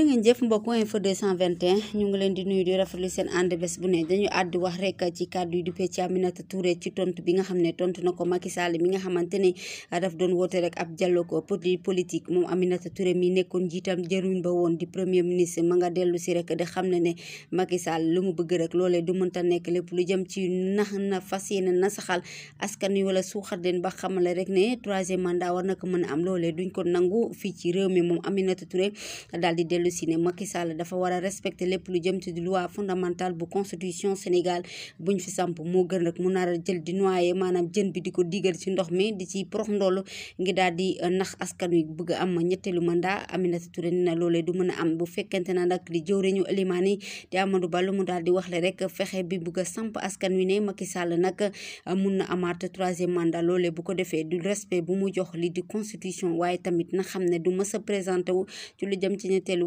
jërë ngeen jëf mbokku info 221 ñu ngi leen di nuyu di rafetlu seen ànd bés bu ne dañu àddi wax rek ci kàddu yu duppee ci Aminata Touré ci tontu bi nga xam ne mi nga xamante ne daf doon woote rek ab dialogue politique moom Aminata Touré mi nekkoon njiitam jëruñ ba woon di premier di xam ne ne Macky Sall lu mu bëgg rek loolee du mënta nekk lépp lu jëm ci nax na fas yéene nasaxal askan wi wala suuxat leen ba xamale rek ne troisième mandat war na ko mën a am loolee duñ ko nangu fii ci réew mi moom Aminata Touré daal di dellu dellu si ne Macky Sall dafa war a respecter lépp lu jëm ci loi fondamentale bu constitution Sénégal buñ fi samp moo gën rek mu nar a jël di noyé maanaam jën bi di ko digal ci ndox mi di ci prox ndoll ngi di euh, nax askan wi bëgg ne na a am bu li jëwriñu Elimani di Amadou Ba daal di wax le rek fexe bi bëgg a samp wi ne Macky Sall nag euh, mun na amaat troisième mandat loolee bu ko defee du respect mu li di constitution waaye tamit na xam ne du mës a ci lu jëm ci ñetteelu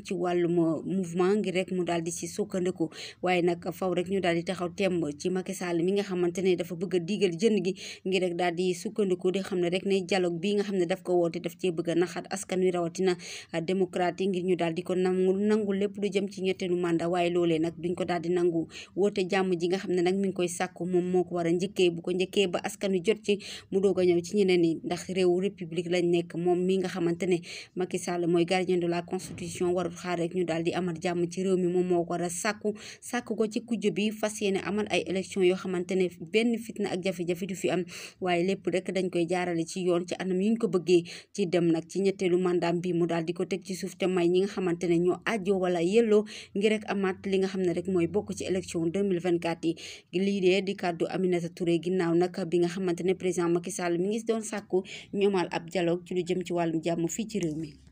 jëm ci wàllum euh, mouvement ngir rek mu daal di si sukkandiku waaye nag faw rek ñu daal di taxaw temb ci Macky Sall mi nga xamante ne dafa bëgg a diigal jënd gi ngir rek daal di sukkandiku di xam ne rek ne dialogue bi nga xam ne daf ko woote daf cee bëgg a naxaat askan wi rawatina euh, démocrate yi ngir ñu daal di ko nangu nangu lépp lu jëm ci ñetteelu mandat waaye loolee nag duñ ko daal di nangu woote jàmm ji nga xam ne nag mi ngi koy sàkku moom moo ko war a njëkkee bu ko njëkkee ba askan wi jot ci mu doog a ñëw ci ñeneen ñi ndax réewu république lañ nekk moom mi nga xamante ne Macky Sall mooy gardien de la constitution war warut xaar rek ñu daal di amal jàmm ci réew mi moom moo ko a sàkku sàkku ko ci kujj bi fas yéene amal ay élection yoo xamante ne benn fitna ak jafe-jafe du fi am waaye lépp rek dañ koy jaarale ci yoon ci anam yuñ ko bëggee ci dem nag ci ñetteelu mandaam bi mu daal di ko teg ci suuf te may ñi nga xamante ne ñoo ajjo wala yelloo ngi rek amaat li nga xam ne rek mooy bokk ci mille vingt 2024 yi lii dee di amina Aminata Touré ginnaaw nag bi nga xamante ne président Macky Sall mi ngi doon sàkku ñoomal ab dialogue ci lu jëm ci wàllu jàmm fii ci réew mi